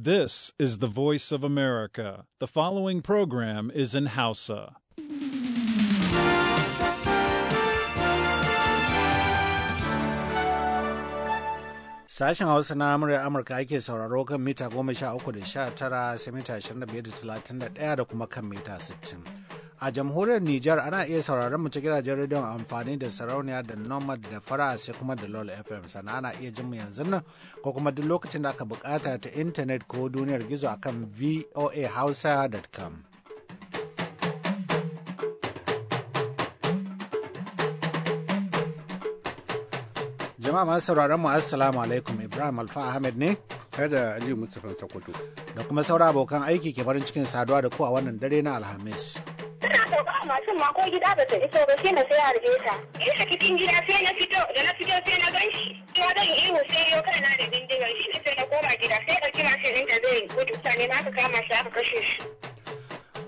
This is the voice of America. The following program is in Hausa. Sashen Hausa na murya Amurka ake sauraro kan mita goma sha uku da sha tara sai mita ashirin da biyar da talatin da ɗaya da kuma kan mita sittin. a jamhuriyar Nijar ana iya sauraron mu cikin gidajen rediyon amfani da sarauniya da nomad da fara sai kuma da lol fm sannan ana iya jin mu yanzu nan ko kuma duk lokacin da aka bukata ta intanet ko duniyar gizo akan voahausa.com jama'a masu sauraron mu assalamu alaikum ibrahim alfa ahmed ne da Aliyu Mustapha Sokoto. Da kuma saura abokan aiki ke farin cikin saduwa da ku a wannan dare na Alhamis. Ina so a mashin ma ko gida ba ta iso ba shi na sai harbe ta. Ina cikin gida sai na fito da na fito sai na gan shi. Kuma zan ihu sai yau na da bindigar shi sai na koma gida sai ɗauki mashin ɗin da zai gudu sani na aka kama shi aka kashe shi.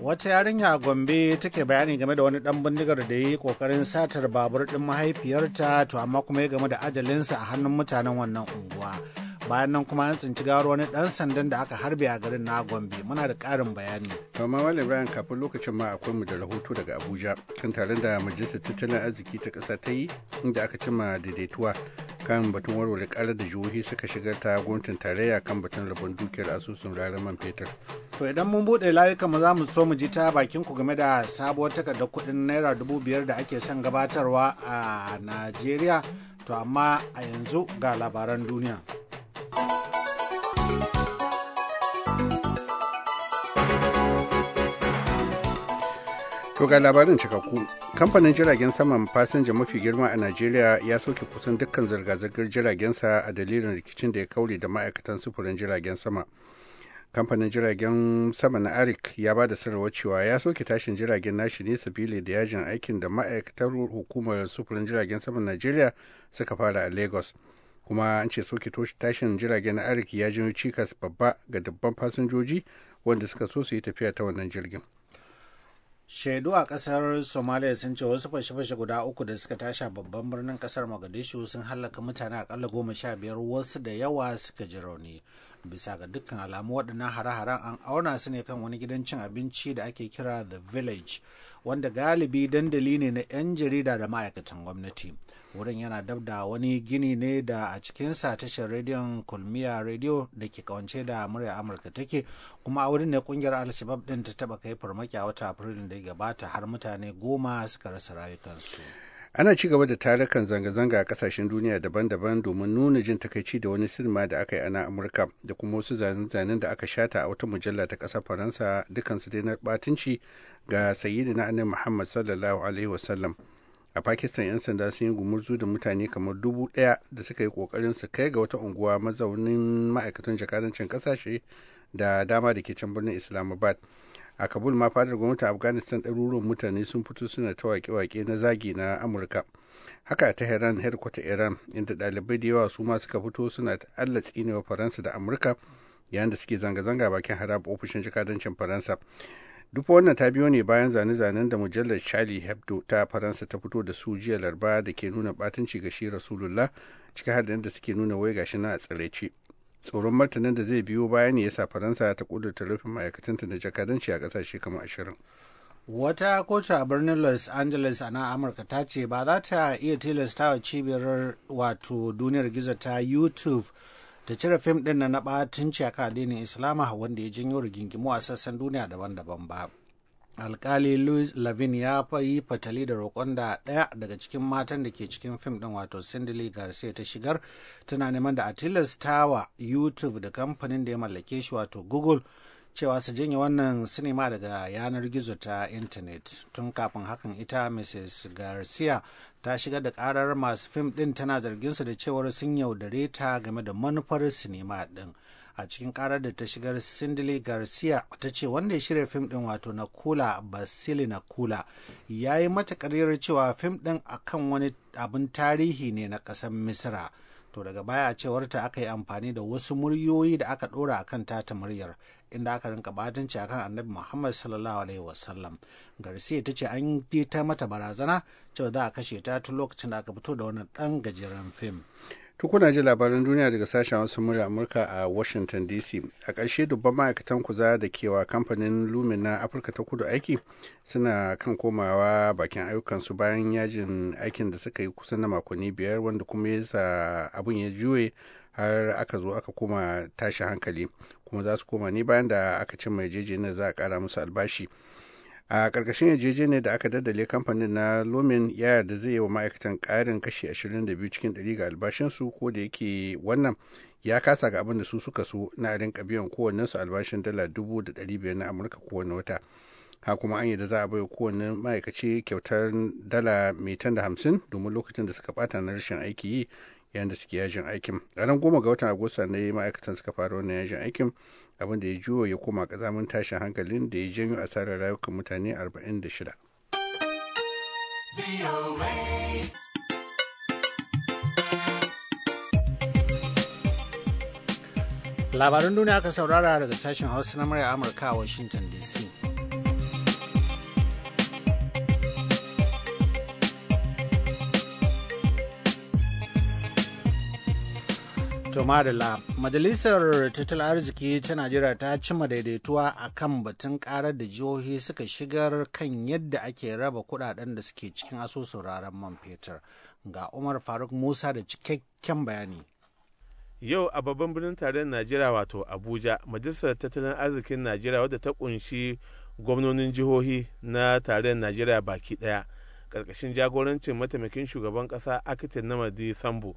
Wata yarinya a Gombe take bayani game da wani dan bindigar da ya yi kokarin satar babur din mahaifiyarta to amma kuma ya game da ajalinsa a hannun mutanen wannan unguwa. bayan nan kuma an tsinci gawar wani dan sandan da aka harbe a garin na gombe muna da karin bayani to mamal ibrahim kafin lokacin ma akwai mu da rahoto daga abuja kan taron da majalisar tattalin arziki ta kasa ta yi inda aka cimma daidaituwa kan batun warware karar da jihohi suka shigar ta gwamnatin tarayya kan batun rabon dukiyar asusun rarar man fetur to idan mun bude layuka mu za mu so mu ji ta bakin ku game da sabuwar takardar kuɗin naira dubu biyar da ake son gabatarwa a najeriya To amma a yanzu ga labaran duniya. To ga labarin cikakku. Kamfanin jiragen saman fasinja mafi girma a Najeriya ya soke kusan dukkan zirga-zirgar jiragensa a dalilin rikicin da ya kauri da ma'aikatan sufurin jiragen sama. kamfanin jiragen sama na arik ya ba da sanarwa cewa ya soke tashin jiragen nashi ne sabili da yajin aikin da ma'aikatar hukumar sufurin jiragen saman najeriya suka fara a lagos kuma an ce soke tashin jiragen na arik ya jini cikas babba ga dubban fasinjoji wanda suka so su yi tafiya ta wannan jirgin shaidu a kasar somalia sun ce wasu fashe-fashe guda uku da suka tashi babban birnin kasar mogadishu sun hallaka mutane akalla goma sha biyar wasu da yawa suka ji rauni bisa ga dukkan alamu waɗannan hare-haren an auna su ne kan wani gidan cin abinci da ake kira the village wanda galibi dandali ne na 'yan jarida da ma'aikatan gwamnati wurin yana dab da wani gini ne da a cikinsa tashar rediyon kulmiya radio da ke kawance da murya amurka take kuma a wurin ne kungiyar alshabab din ta taba kai farmaki a wata afrilun da ya gabata har mutane goma suka rasa rayukansu ana ci gaba da tarukan zanga-zanga a kasashen duniya daban-daban domin nuna jin takaici da wani sinima da aka yi ana amurka da kuma wasu zane zanen da aka shata a wata mujalla ta kasar faransa dukansu dai na batunci ga sayyidi na annabi muhammad sallallahu alaihi wasallam a pakistan 'yan sanda sun yi gumurzu da mutane kamar dubu ɗaya da suka yi ƙoƙarin su kai ga wata unguwa mazaunin ma'aikatan jakadancin ƙasashe da dama da ke can birnin islamabad a kabul ma fadar gwamnatin afghanistan ɗaruruwan mutane sun fito suna ta wake-wake na zagi na amurka haka a tehran headquarter iran inda ɗalibai da yawa su ma suka fito suna ta allah tsinewa faransa da amurka yayin da suke zanga-zanga bakin harab ofishin jikadancin faransa duk wannan ta biyo ne bayan zane-zanen da mujallar charlie hebdo ta faransa ta fito da su jiya larba da ke nuna batunci ga shi rasulullah ciki har da suke nuna wai gashi na a tsiraice tsoron martanin da zai biyo bayan ne sa faransa ta kudurta rufin ma'aikatanta da jakadanci a kasashe kama ashirin wata kotu a birnin los angeles a nan amurka ta ce ba za ta iya tilasta wa cibiyar wato duniyar gizo ta youtube ta cire fim ɗin na na ɓatunci a kan addinin islama wanda ya janyo rigingimu a sassan duniya daban-daban ba alkali louis lavin ya yi fatali da roƙon da ɗaya daga cikin matan da ke cikin fim ɗin wato cindy garcia ta shigar tana neman da a wa youtube da kamfanin da ya mallake shi wato google cewa su janye wannan sinima daga yanar gizo ta intanet tun kafin hakan ita mrs garcia ta shigar da karar masu fim ɗin tana zargin su da cewar sun yaudare ta game da manufar sinima ɗin. a cikin karar da ta shigar sindili garcia ta ce wanda ya shirya fim din wato na kula basili na kula ya yi mata karyar cewa fim din akan wani abin tarihi ne na ƙasar misira to daga baya a cewar ta aka yi amfani da wasu muryoyi da aka dora akan tata muryar inda aka rinka batunci akan annabi muhammad sallallahu alaihi wasallam garcia ta ce an yi ta mata barazana cewa za a kashe ta tun lokacin da aka fito da wani ɗan gajeren fim tukuna ji labaran duniya daga sashen wasu murya amurka a washington dc a ƙarshe dubban ma'aikatan ku za da kewa kamfanin lumin na afirka ta kudu aiki suna kan komawa bakin ayyukansu bayan yajin aikin da suka yi kusan na makonni biyar wanda kuma ya sa abin ya juye har aka zo aka koma tashi hankali kuma za su koma ne bayan da aka cimma yarjejeniyar za a kara musu albashi a ƙarƙashin ne da aka daddale kamfanin na lomin ya da zai yi wa ma'aikatan ƙarin kashi 22 cikin 100 ga albashinsu ko da yake wannan ya kasa ga abin da su suka so na rinka biyan kowannensu albashin dala biyar na amurka kowane wata ha kuma an yi da za a bai kowane ma'aikaci kyautar dala mai hamsin domin lokacin da suka bata na rashin aiki yi yayin da suke yajin aikin ranar goma ga watan agusta ne ma'aikatan suka fara wannan yajin aikin abin da ya juyo ya koma kazamin tashin hankalin da ya janyo asarar rayukan mutane 46 labaran duniya aka saurara daga sashen hausa na murya amurka a washington dc To Majalisar Tattalin Arziki ta Najeriya ta cima daidaituwa a kan batun karar da jihohi suka shigar kan yadda ake raba kudaden da suke cikin asusun raran man fetur. Ga Umar Faruk Musa da cikakken bayani. Yau a babban birnin tarayyar Najeriya wato Abuja, Majalisar Tattalin Arzikin Najeriya wadda ta kunshi gwamnonin jihohi na tarayyar Najeriya baki ɗaya ƙarƙashin jagorancin mataimakin shugaban ƙasa Akitin Namadi Sambo.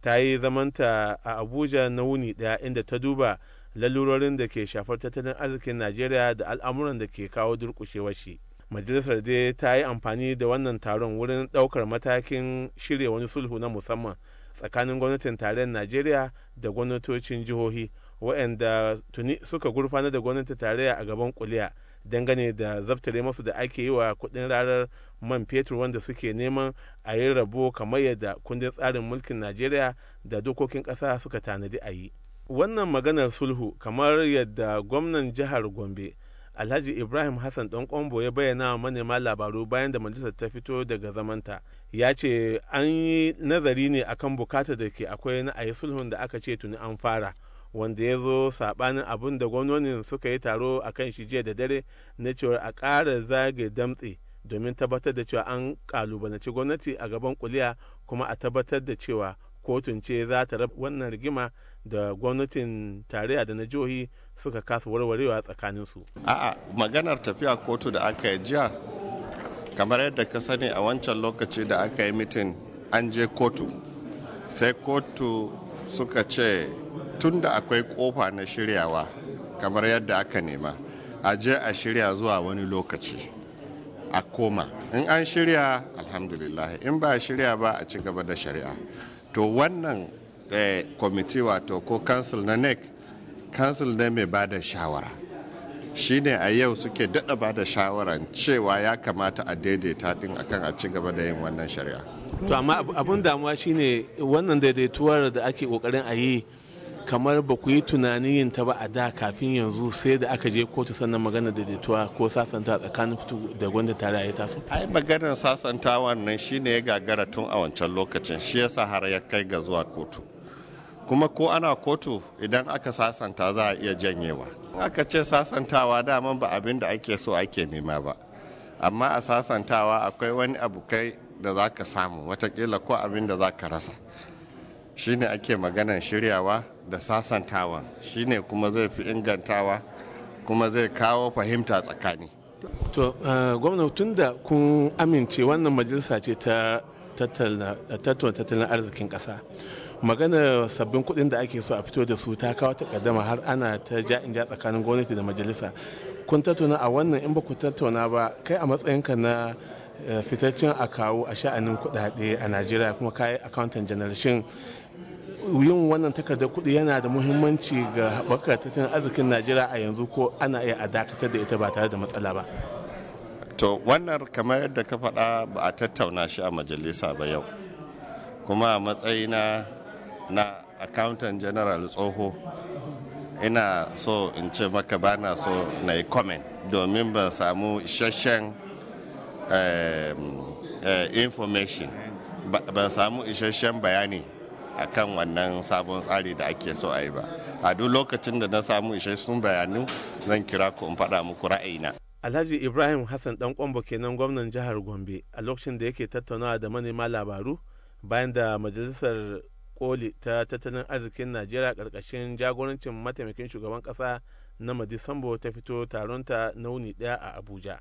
ta yi zamanta a abuja na wuni ɗaya inda ta duba lalurorin da ke shafar tattalin arzikin najeriya da al'amuran da ke kawo durƙushewar shi majalisar dai ta yi amfani da wannan taron wurin ɗaukar matakin shirya wani sulhu na musamman tsakanin gwamnatin tarayyar najeriya da gwamnatocin jihohi waɗanda tuni suka gurfana da gwamnatin tarayya a gaban kuliya dangane da zabtare masu da ake yi wa kudin ranar man fetur wanda suke neman a yi rabo kamar yadda kundin tsarin mulkin najeriya da dokokin ƙasa suka tanadi a yi wannan maganar sulhu kamar yadda gwamnan jihar gombe alhaji ibrahim hassan dan kwambo ya bayyana wa manema labaru bayan da majalisar ta fito daga zamanta ya ce an yi nazari ne akan bukatar da ke akwai na a yi sulhun da aka ce tuni an fara wanda ya zo saɓanin abin da gwamnonin suka yi taro a kan shi jiya da dare na cewa a ƙara zage damtse domin tabbatar da cewa an ƙalubalanci gwamnati a gaban kuliya kuma a tabbatar da cewa kotun ce za ta raba wannan rigima da gwamnatin tarayya da na jihohi suka kasa warwarewa tsakanin su. a'a maganar tafiya kotu da aka yi jiya kamar yadda ka sani a wancan lokaci da aka yi mitin an je kotu sai kotu suka ce tun da akwai kofa na shiryawa kamar yadda aka nema a je a shirya zuwa wani lokaci a koma in an shirya alhamdulillah in ba a shirya ba a ci gaba da shari'a to wannan eh, kwamiti wato ko kansil na nec kansil na mai ba da shawara shine a yau suke daɗa ba da shawaran cewa ya kamata a daidaita ɗin akan a ci gaba da yin wannan shari'a to amma abun damuwa shine wannan daidaituwar da ake ƙoƙarin a yi kamar ba ku yi tunanin yin ta ba a da kafin yanzu sai da aka je kotu sannan magana da daidaituwa ko sasanta tsakanin fito da gwanda tare ya taso ai maganar sasantawa nan shine ya gagara tun a wancan lokacin shi ya sa har ya kai ga zuwa kotu kuma ko ana kotu idan aka sasanta za a iya janyewa in aka ce sasantawa daman ba abin da ake so ake nema ba amma a sasantawa akwai wani abu kai da za ka samu watakila ko abin da za ka rasa shine ake maganan shiryawa da sasantawa shine kuma zai fi ingantawa kuma zai kawo fahimta tsakani to eh, gwamna tun da kun amince wannan majalisa ce ta tattalin arzikin kasa maganar sabbin kuɗin da ake so a fito da su ta kawo takaddama har ana ta ja in ja tsakanin gwamnati da majalisa kun tattauna a wannan in ba ku tattauna ba kai a matsayinka na Eh, fitaccen akawu a sha'anin kudade a najeriya kuma kayi accountant general shin yin wannan takardar kuɗi yana da muhimmanci ga haɓakar tattalin arzikin najeriya a yanzu ko ana iya a dakatar da ita ba tare da matsala ba to wannan kamar yadda ka faɗa ba a tattauna shi a majalisa ba yau kuma a matsayina na accountant general tsoho ina so in ce maka bana so na yi comment domin ban samu isasshen Um, uh, information ban samu isasshen bayani a kan wannan sabon tsari da ake so a yi ba a duk lokacin da na samu isassun bayanu zan kira ku in faɗa muku ra'ayina alhaji ibrahim hassan dan kwambo kenan gwamnan jihar gombe a lokacin da yake tattaunawa da manema labaru bayan da majalisar koli ta tattalin arzikin najeriya karkashin jagorancin mataimakin shugaban kasa na madisambo ta fito taronta wuni daya a abuja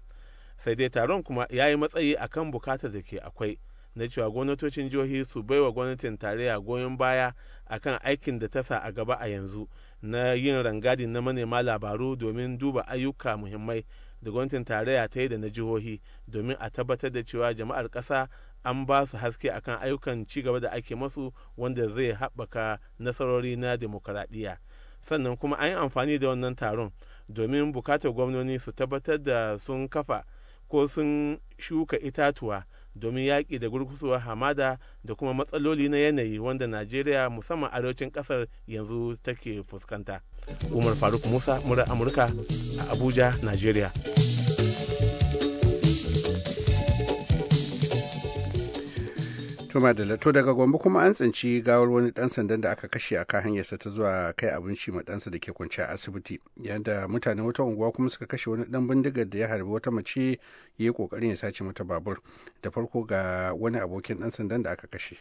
sai dai taron kuma ya yi matsayi a kan bukatar da ke akwai na cewa gwamnatocin jihohi su bai wa gwamnatin tarayya goyon baya a kan aikin da ta sa a gaba a yanzu na yin rangadi na manema labaru domin duba ayyuka muhimmai da gwamnatin tarayya ta yi da na jihohi domin a tabbatar da cewa jama'ar ƙasa an ba su haske akan ayyukan ci gaba da ake masu wanda zai haɓaka nasarori na demokaradiyya sannan kuma an yi amfani da wannan taron domin bukatar gwamnoni su tabbatar da sun kafa ko sun shuka itatuwa domin yaƙi da gurgusuwar hamada da kuma matsaloli na yanayi wanda najeriya musamman arewacin ƙasar yanzu take fuskanta umar faruk musa murar amurka a abuja najeriya Tuma da lato daga Gombe kuma an tsinci gawar wani dan sandan da aka kashe a kan hanyarsa ta zuwa kai abinci ma dansa da ke kwance a asibiti. Yadda mutane wata unguwa kuma suka kashe wani dan bindigar da ya harbi wata mace ya yi kokarin ya sace mata babur. Da farko ga wani abokin dan sandan da aka kashe.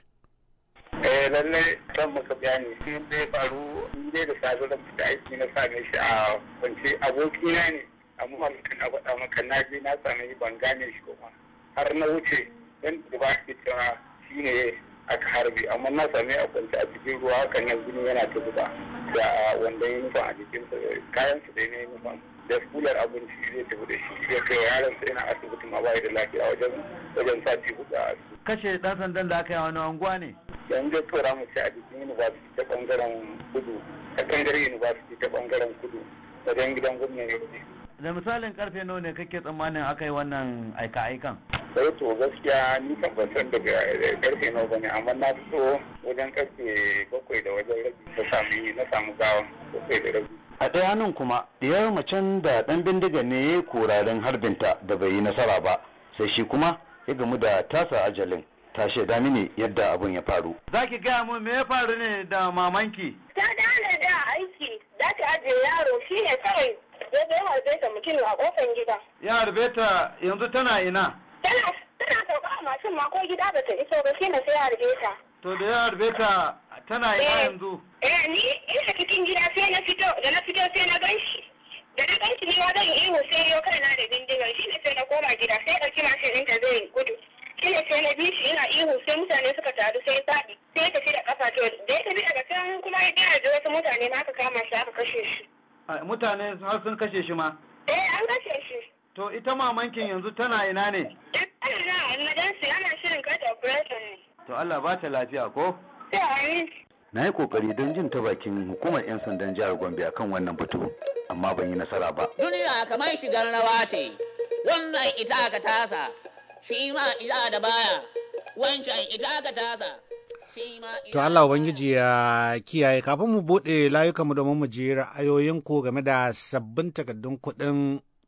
Eh lallai zan maka bayani shin dai faru ne da safe da fita aiki na same shi a kwance abokina ne amma mutum a faɗa maka na na same shi ban gane shi ba har na wuce dan da ba shi ta. shine aka harbe amma na sami a kwanci a cikin ruwa hakan nan jini yana ta zuba da wanda ya nufa a jikin kayan su da ne nufa da kular abinci zai tafi da shi ya kai yaran sa yana asibiti ma bai da lafiya wajen wajen sati hudu a asibiti. kashe dan sandan da aka yi wani anguwa ne. yanzu tura mu a jikin university ta bangaren kudu a bangaren university ta bangaren kudu wajen gidan gwamnati. da misalin karfe nawa ne kake tsammanin aka yi wannan aika-aikan. sai eh, to gaskiya ni kan ban san daga eh, karfe nawa bane amma na fito wajen karfe bakwai da wajen rabi ta sami na samu gawa bakwai da rabi a ɗaya nan kuma diyar macen da ɗan bindiga ne ya yi kurarin harbinta da bai yi nasara ba sai shi kuma ya gamu da tasa ajalin ta shaida mini yadda abun ya faru za ki gaya mu me ya faru ne da mamanki ta dana da aiki za ta ajiye yaro shi ne kawai ya zai harbe ta mutum a kofan gida ya harbe ta yanzu tana ina tana tana sauka a ma ko gida ba ta iso ba shi na sai harbe ta to da ya harbe ta tana ina eh, yanzu eh ni ina cikin gida sai na fito da na fito sai na ganshi da na ganshi ne ma zan ihu sai yau kai na da bindigar shi ne sai na koma gida sai ɗauki mashin ɗinta zai gudu shi ne sai na bi shi ina ihu sai mutane suka taru sai faɗi sai ya tafi da ƙafa to da ya tafi daga can kuma ya gina da wasu mutane ma aka kama shi aka kashe shi mutane har sun kashe shi ma eh an kashe shi To ita mamankin yanzu tana ina ne? Ina emergency ana shirin kai da operation ne. To Allah ba ta lafiya ko? Na yi kokari don jin ta bakin hukumar 'yan sandan jihar Gombe akan wannan batu, amma ban yi nasara ba. Duniya kamar shigar rawa ce, wannan ita ka tasa, shi ma ita da baya, wancan ita ka tasa. To Allah Ubangiji ya kiyaye kafin mu buɗe layukanmu domin mu ji ra'ayoyinku game da sabbin takardun kuɗin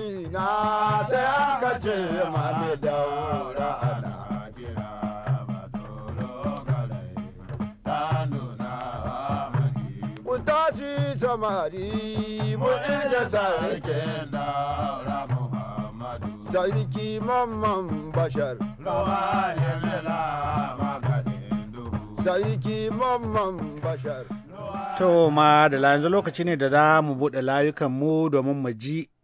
mani na sai aka ce mani daura ana kira batoro kalai ta nuna wa mani ku tashi samari mu inda sarkin daura muhammadu sarki mamman bashar rawa ya mila sarki mamman bashar To ma da yanzu lokaci ne da za mu buɗe layukan mu domin mu ji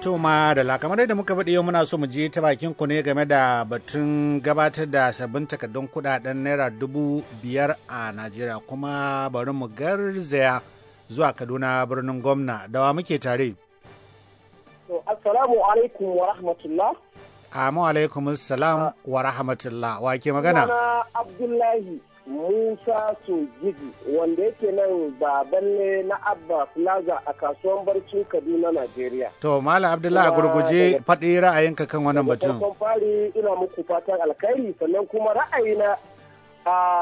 To da la kamar da muka faɗi yau muna so mu je ta bakin ku ne game da batun gabatar da sabbin takardun kudaden naira dubu biyar a Najeriya kuma bari mu garzaya zuwa Kaduna birnin gwamna dawa muke tare. assalamu alaikum wa rahmatullah. Amu alaikum salam ah. wa rahmatullah wa ke magana? Abdullahi Musa Sojigi wanda yake nan baban ne na Abba Plaza a kasuwan barci Kaduna Najeriya. To Mala Abdullahi a gurguje faɗi ra'ayinka kan wannan batun. Da fari ina muku fatan alkhairi sannan kuma ra'ayina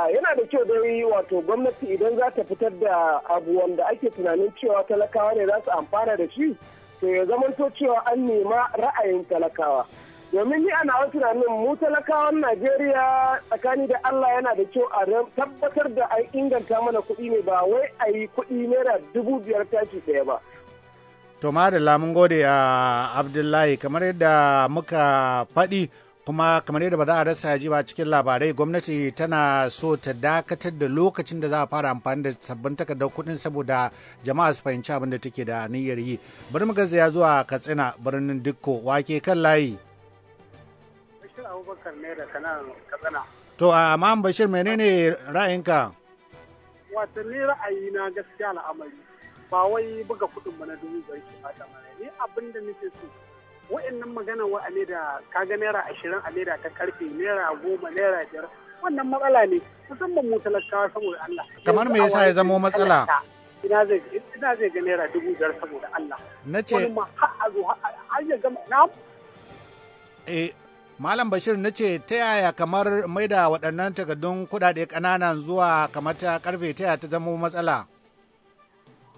yana da kyau dai wato gwamnati idan za ta fitar da abu wanda ake tunanin cewa talakawa ne za su amfana da shi to ya zamanto cewa an nema ra'ayin talakawa. domin ni ana wasu tunanin mu talakawan najeriya tsakani da allah yana da kyau a tabbatar da an inganta mana kuɗi ne ba wai a yi kuɗi naira dubu biyar tashi ɗaya ba to madalla mun gode a ah, abdullahi kamar yadda muka faɗi kuma kamar yadda ba za a rasa ji ba cikin labarai gwamnati tana so ta dakatar da lokacin da za a fara amfani da sabbin takardar kuɗin saboda jama'a su fahimci abin da take da niyyar yi bari mu gaza ya zuwa katsina birnin dikko wake kan layi Abubakar ne da nan Katsina. To a Ma'am Bashir menene ra'ayinka? Wato ni ra'ayi na gaskiya al'amari ba wai buga kudin mana dubu biyar ke fata mana ni abin da nake so wa'annan magana wa a leda ka ga naira ashirin a leda ta karfe naira goma naira biyar wannan matsala ne musamman mu talakawa saboda Allah. Kamar me yasa ya zamo matsala? ina zai ga naira dubu biyar saboda Allah. Na ce. Wani ma har a zo har ya gama na. Eh Malam Bashir na ce ta yaya kamar maida waɗannan takardun kuɗaɗe ƙananan zuwa kamar ta karfe ta ta zama matsala?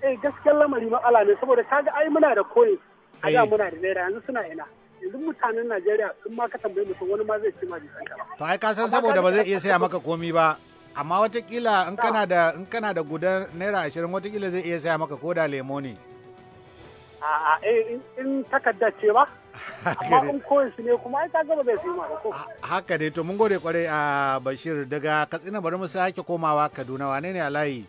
Eh gaskiyar lamari matsala ne saboda kaga ai muna da koyi a da eh. muna da naira yanzu suna ina. Yanzu mutanen Najeriya sun ma ka tambayi mutum wani ma zai ce ma bai ba. To ai ka san saboda ba zai iya saya maka komi ba. Amma watakila in kana da in kana da gudan naira ashirin watakila zai iya saya maka ko da lemo ne. A'a eh, in takarda ce ba? Amma in koyi su ne kuma ai ka gaba bai fi ko. Haka ne to mun gode kwarai a Bashir daga Katsina bari mu sake komawa Kaduna wane ne alayi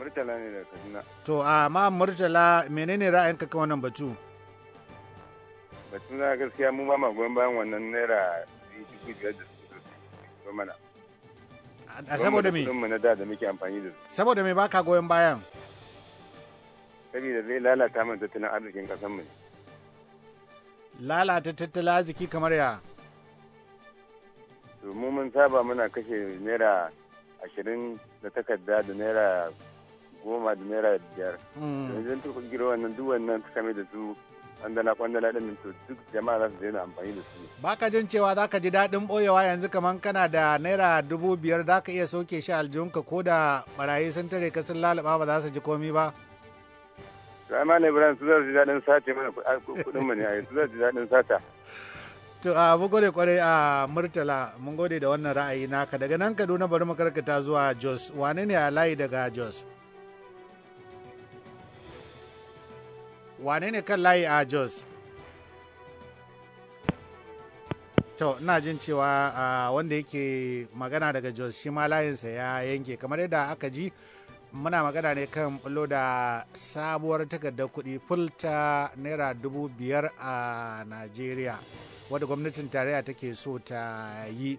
Murtala ne daga Kaduna. To a ma Murtala menene ra'ayinka kan wannan batu? Batun na gaskiya mu ba magoyan bayan wannan naira Saboda me? Saboda me baka goyon bayan? saboda zai lalata mana tattalin arzikin ƙasar mu lalata tattalin arziki kamar ya domin mun saba muna kashe naira ashirin da takarda da naira goma da naira biyar mm. yanzu ta gira wannan duk wannan ta kame da su kwandala kwandala din to duk jama'a za su daina amfani da su baka jin cewa za ka ji daɗin ɓoyewa yanzu kamar kana da naira dubu biyar za ka iya soke shi aljihunka ko da barayi sun tare ka sun lalaba ba za su ji komi ba Sama ne Ibrahim su zai ji daɗin sati mana kuɗin mu ne su zai daɗin sata. To a mun gode kwarai a Murtala mun gode da wannan ra'ayi naka daga nan Kaduna bari mu karkata zuwa Jos wane ne a layi daga Jos? Wane ne kan layi a Jos? To ina jin cewa wanda yake magana daga Jos shi ma layinsa ya yanke kamar yadda aka ji muna magana ne kan bullo da sabuwar takardar kuɗi fulta naira dubu biyar a najeriya wadda gwamnatin tarayya take so ta yi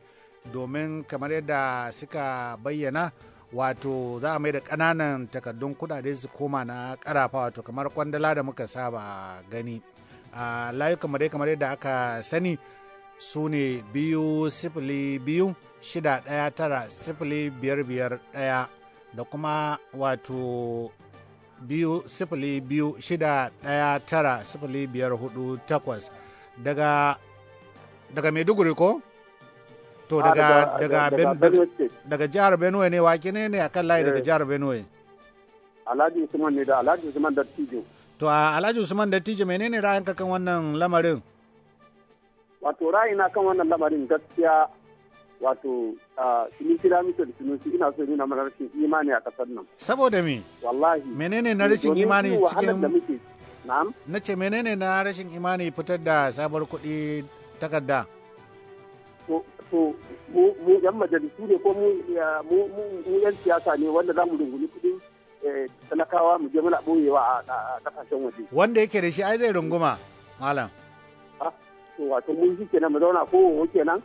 domin kamar yadda suka bayyana wato za a mai da ƙananan takardun kuɗaɗe su koma na ƙarafa wato kamar kwandala da muka saba gani a layukan dai kamar yadda aka sani su ne biyu sifili biyu shida ɗaya tara sifili biyar biyar ɗaya da kuma wato biyu sifili biyu shida ɗaya tara sifili biyar hudu takwas daga daga maiduguri ko? to daga daga daga jihar benue ne waki ne ne akan layi daga eh. jihar benue alhaji usman ne da alhaji usman da tijo to a alhaji usman da dattijo menene ra'ayinka kan wannan lamarin wato ra'ayina kan wannan lamarin gaskiya wato sini kira mito da sinusi ina so nuna mana rashin imani a kasar nan. Saboda me? Wallahi. Menene na rashin imani cikin Na'am. Na ce menene na rashin imani fitar da sabuwar kuɗi takarda? To, mu yan majalisu ne ko mu yan siyasa ne wanda za mu rungumi kuɗin eh, talakawa mu je muna ɓoyewa a kasashen waje. Wanda yake da shi ai zai runguma, malam. Ah, to, wato mun shi kenan mu zauna ko kenan.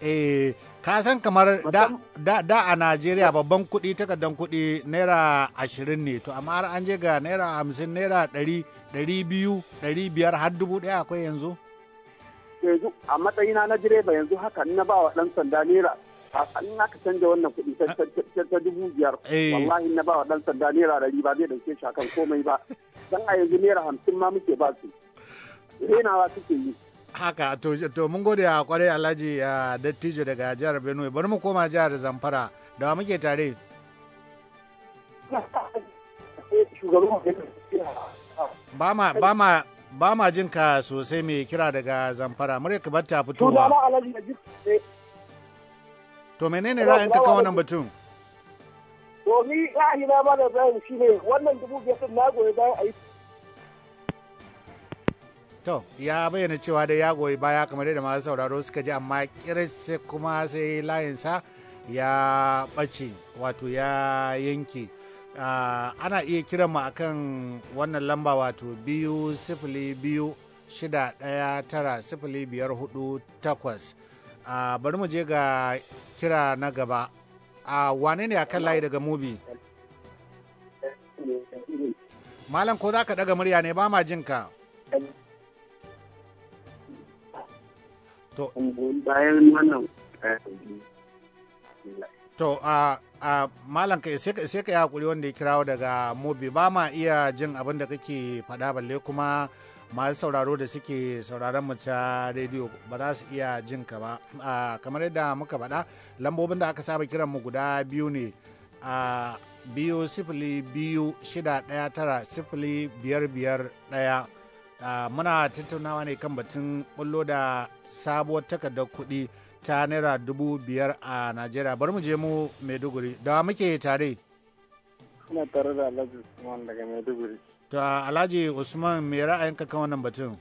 eh ka san kamar da, a najeriya babban kuɗi takardar kuɗi naira ashirin ne to amma har an je ga naira hamsin naira ɗari ɗari biyu ɗari biyar har dubu ɗaya akwai yanzu yanzu a matsayina na direba yanzu haka na ba wa ɗan sanda naira na ka canja wannan kuɗi ta dubu biyar eh. wallahi na ba wa ɗan sanda naira ɗari ba zai ɗauke shi akan komai ba dan a yanzu naira hamsin ma muke ba su renawa suke yi haka to mun gode a kwarai alhaji a dattijo daga jihar benue bari mu koma jihar zamfara da wa muke tare ba ma jin ka sosai mai kira daga zamfara mure ka batta fitowa to menene ra'ayinka kan wannan batun to ni ra'ayi na ma da bayan shi ne wannan dubu biyar na goye bayan a yi to ya bayyana cewa da ya goyi baya kamar yadda masu sauraro suka ji amma kiris kuma sai layinsa ya ɓace wato ya yanke ah, ana iya kiran mu akan wannan lamba wato biyu sifili biyu shida ɗaya tara sifili biyar hudu takwas ah, bari mu je ga kira na gaba ah, wane ne akan layi daga mubi malam ko za ka ɗaga murya ne ba ma jinka Eh, to a a malam sai sai ka hakuri wanda ya kirawo daga Mobi ba ma iya jin abin da kake faɗa balle kuma masu sauraro da suke sauraron mu ta rediyo ba za su iya jin ka ba kamar yadda muka faɗa lambobin da aka saba kiran mu guda biyu ne a biyu sifili biyu shida ɗaya tara sifili biyar biyar ɗaya muna tattaunawa ne kan batun bullo da sabuwar takardar kuɗi ta naira dubu biyar a najeriya bari mu je mu maiduguri da muke tare suna tare da alhaji usman daga maiduguri to alhaji usman me ra'ayinka kan wannan batun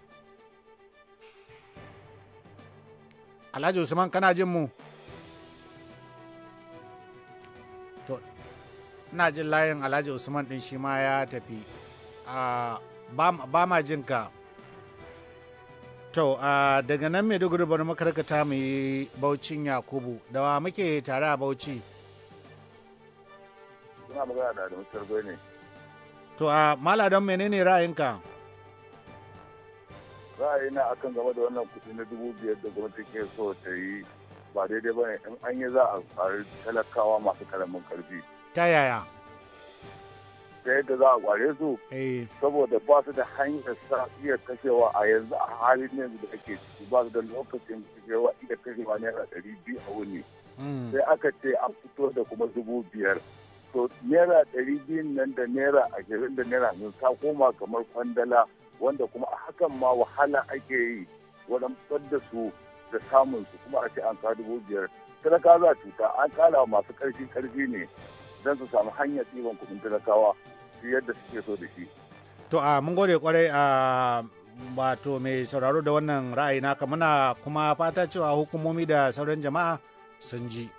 alhaji usman kana jin mu ina jin layin alhaji usman din shi ma ya tafi ba ma jin ka to a daga nan maiduguri bari makarkata mu yi baucin yakubu da wa muke tare a bauchi suna magana da Adamu ne. To a maladan menene ra'ayinka? Ra'ayina akan game da wannan kudi na dubu biyar da gwamnati ke so ta yi ba daidai ba ne in an yi za a tsari talakawa masu karamin karfi. Ta yaya? ta yadda za a kware su eh. saboda ba su da hanyar sa iya kashewa a yanzu a halin yanzu da ake ciki ba su da lokacin kashewa iya kashewa naira ɗari biyu a wuni hmm. sai aka ce an fito da kuma dubu biyar to naira ɗari biyun nan da naira ashirin da naira hamsin ta koma kamar kwandala wanda kuma a hakan ma wahala ake yi wajen fitar da su da samun su kuma a ce an sa dubu biyar talaka za cuta an kala masu ƙarfi ƙarfi ne don su samu hanyar ɗiban kuɗin talakawa yadda suke so da shi to a mun gode kwarai a wato mai sauraro da wannan ra'ayi naka muna kuma fata cewa hukumomi da sauran jama'a sun ji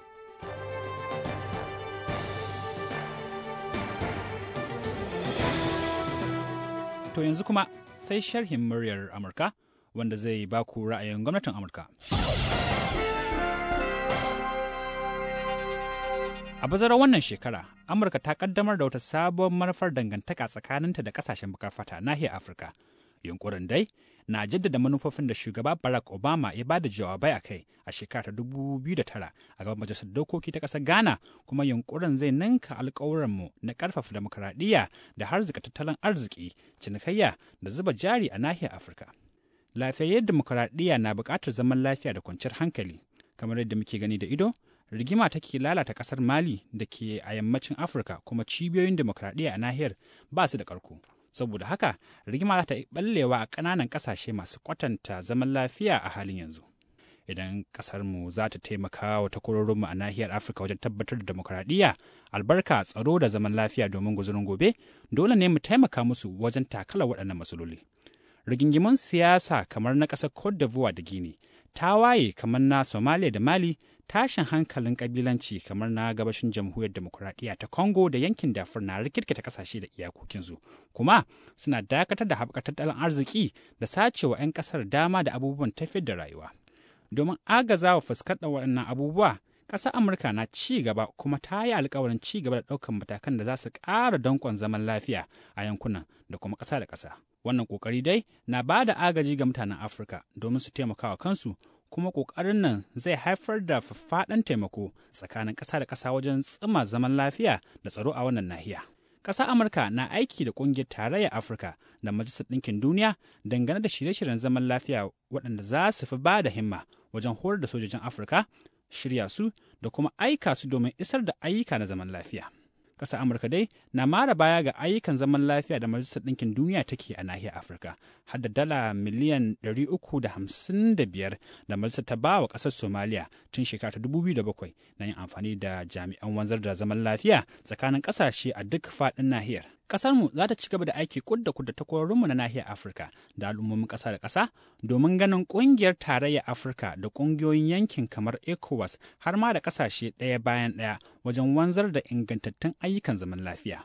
to yanzu kuma sai sharhin muryar amurka wanda zai baku ra'ayin gwamnatin amurka A bazarar wannan shekara, Amurka ta kaddamar da wata sabon manufar dangantaka tsakaninta da kasashen bakar fata nahiyar Afirka. Yunkurin dai na jaddada manufofin da shugaba Barack Obama ya ba da jawabai a kai a shekara ta 2009 a gaban majalisar dokoki ta ƙasar Ghana kuma yunkurin zai ninka alƙawuranmu na ƙarfafa demokaradiyya da harzika tattalin arziki, cinikayya da zuba jari a nahiyar Afirka. Lafiyayyar demokaradiyya na buƙatar zaman lafiya da kwanciyar hankali, kamar yadda muke gani da ido, rigima take lalata ƙasar mali da ke a yammacin afirka kuma cibiyoyin demokradiyya a nahiyar ba su da ƙarko saboda haka rigima za ta ballewa a ƙananan ƙasashe masu kwatanta zaman lafiya a halin yanzu idan ƙasarmu za ta taimaka wa takwarorinmu a nahiyar afirka wajen tabbatar da demokradiyya albarka tsaro da zaman lafiya domin guzurin gobe dole ne mu taimaka musu wajen takala waɗannan matsaloli rigingimun siyasa kamar na ƙasar cote d'ivoire da gini waye kamar na somalia da mali tashin hankalin kabilanci kamar na gabashin jamhuriyar demokuraɗiyya ta congo da yankin dafur na rikirkita kasashe da iyakokinsu kuma suna dakatar da haɓaka tattalin arziki da sacewa 'yan ƙasar dama da abubuwan tafiyar da rayuwa domin agaza wa fuskar waɗannan abubuwa ƙasar amurka na ci gaba kuma ta yi alkawarin ci gaba da ɗaukar matakan da za su ƙara danƙon zaman lafiya a yankunan da kuma ƙasa da ƙasa wannan ƙoƙari dai na ba da agaji ga mutanen afirka domin su taimakawa kansu kuma ƙoƙarin nan zai haifar da faɗan taimako tsakanin ƙasa da ƙasa wajen tsima zaman lafiya da tsaro a wannan nahiya. ƙasa Amurka na aiki da ƙungiyar tarayyar Afirka da Majalisar Ɗinkin Duniya dangane da shirye-shiryen zaman lafiya waɗanda za su fi ba da himma wajen horar da sojojin Afirka, shirya su da kuma aika su domin isar da ayyuka na zaman lafiya. ƙasar amurka dai na mara baya ga ayyukan zaman lafiya da majalisar ɗinkin duniya take a nahiyar afirka har da dala miliyan 355 da majalisar ta ba wa ƙasar somaliya tun shekara ta 2007 na yin amfani da jami'an wanzar da zaman lafiya tsakanin ƙasashe a duk faɗin nahiyar Ƙasarmu za ta ci gaba da aiki kud da da takwarorinmu na nahiyar Afirka da al'ummomin ƙasa da ƙasa domin ganin ƙungiyar tarayyar Afirka da ƙungiyoyin yankin kamar ECOWAS har ma da ƙasashe ɗaya bayan ɗaya wajen wanzar da ingantattun ayyukan zaman lafiya.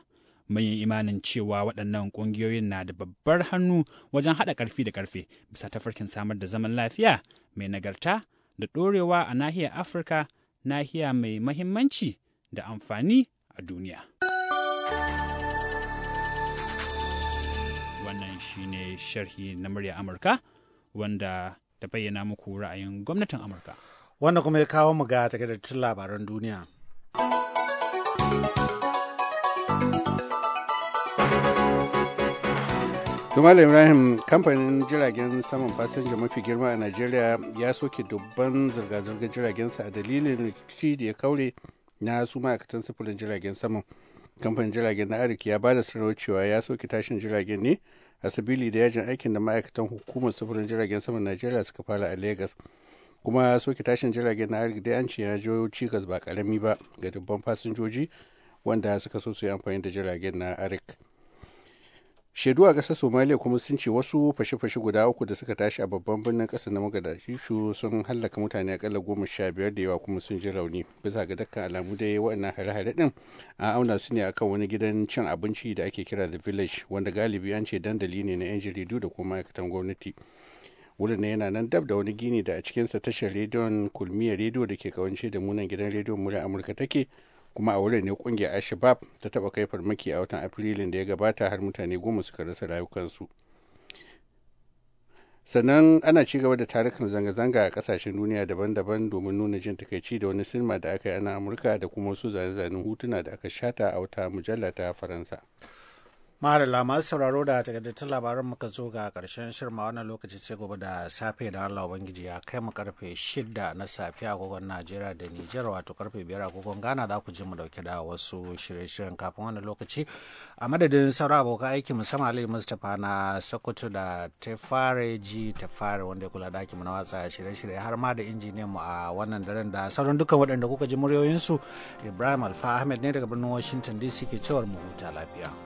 mun yi imanin cewa waɗannan ƙungiyoyin na da babbar hannu wajen haɗa ƙarfi da ƙarfe bisa tafarkin samar da zaman lafiya mai nagarta da ɗorewa a nahiyar afirka nahiya mai mahimmanci da amfani a duniya. shine sharhi na murya Amurka wanda ta bayyana muku ra'ayin gwamnatin Amurka. Wanda kuma ya kawo mu ga takardattun labaran duniya. tumala Ibrahim kamfanin jiragen saman fasinja mafi girma a Najeriya ya soke dubban zirga-zirgar jiragensa a dalilin rikici da ya kaure na su ma'aikatan sufurin jiragen saman. Kamfanin jiragen na Arik ya ba da cewa ya soke tashin jiragen ne a sabili da yajin aikin da ma'aikatan hukumar sufurin jiragen saman najeriya suka fara a lagos kuma soke tashin jiragen na arik an ce ya jo cikas ba karami ba ga dubban fasinjoji wanda suka so su yi amfani da jiragen na arik shaidu a ƙasar somaliya kuma sun ce wasu fashe-fashe guda uku da suka tashi a babban birnin ƙasar na mogadishu sun hallaka mutane akalla goma sha biyar da yawa kuma sun ji rauni bisa ga dukkan alamu da dai waɗannan hare-hare ɗin an auna su ne akan wani gidan cin abinci da ake kira the village wanda galibi an ce dandali ne na 'yan jaridu da kuma ma'aikatan gwamnati wurin ne yana nan dab da wani gini da a cikinsa tashar rediyon kulmiya rediyo da ke kawance da munan gidan rediyon murya amurka take kuma a wurin ne kungiyar ashabab ta taba kai farmaki a watan afrilun da ya gabata har mutane goma suka rasa rayukansu sannan ana ci gaba da tarukan zanga-zanga a kasashen duniya daban-daban domin nuna jin takaici da wani sinima da aka yi ana amurka da kuma wasu zane-zanen hutuna da aka shata a wata mujalla ta faransa Marala masu sauraro da ta labaran muka zo ga karshen shirma wannan lokaci sai gobe da safe da Allah Ubangiji ya kai mu karfe shida na safiya agogon Najeriya da Nijar wato karfe 5 agogon Ghana za ku ji mu dauke da wasu shirye-shiryen kafin wannan lokaci a madadin sauran abokan aiki musamman Ali Mustapha na Sokoto da Tefare ji Tefare wanda ya kula da mu na watsa shirye-shirye har ma da injiniyan mu a wannan daren da sauran dukkan waɗanda kuka ji muryoyinsu Ibrahim Alfa Ahmed ne daga birnin Washington DC ke cewar mu huta lafiya.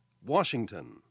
Washington.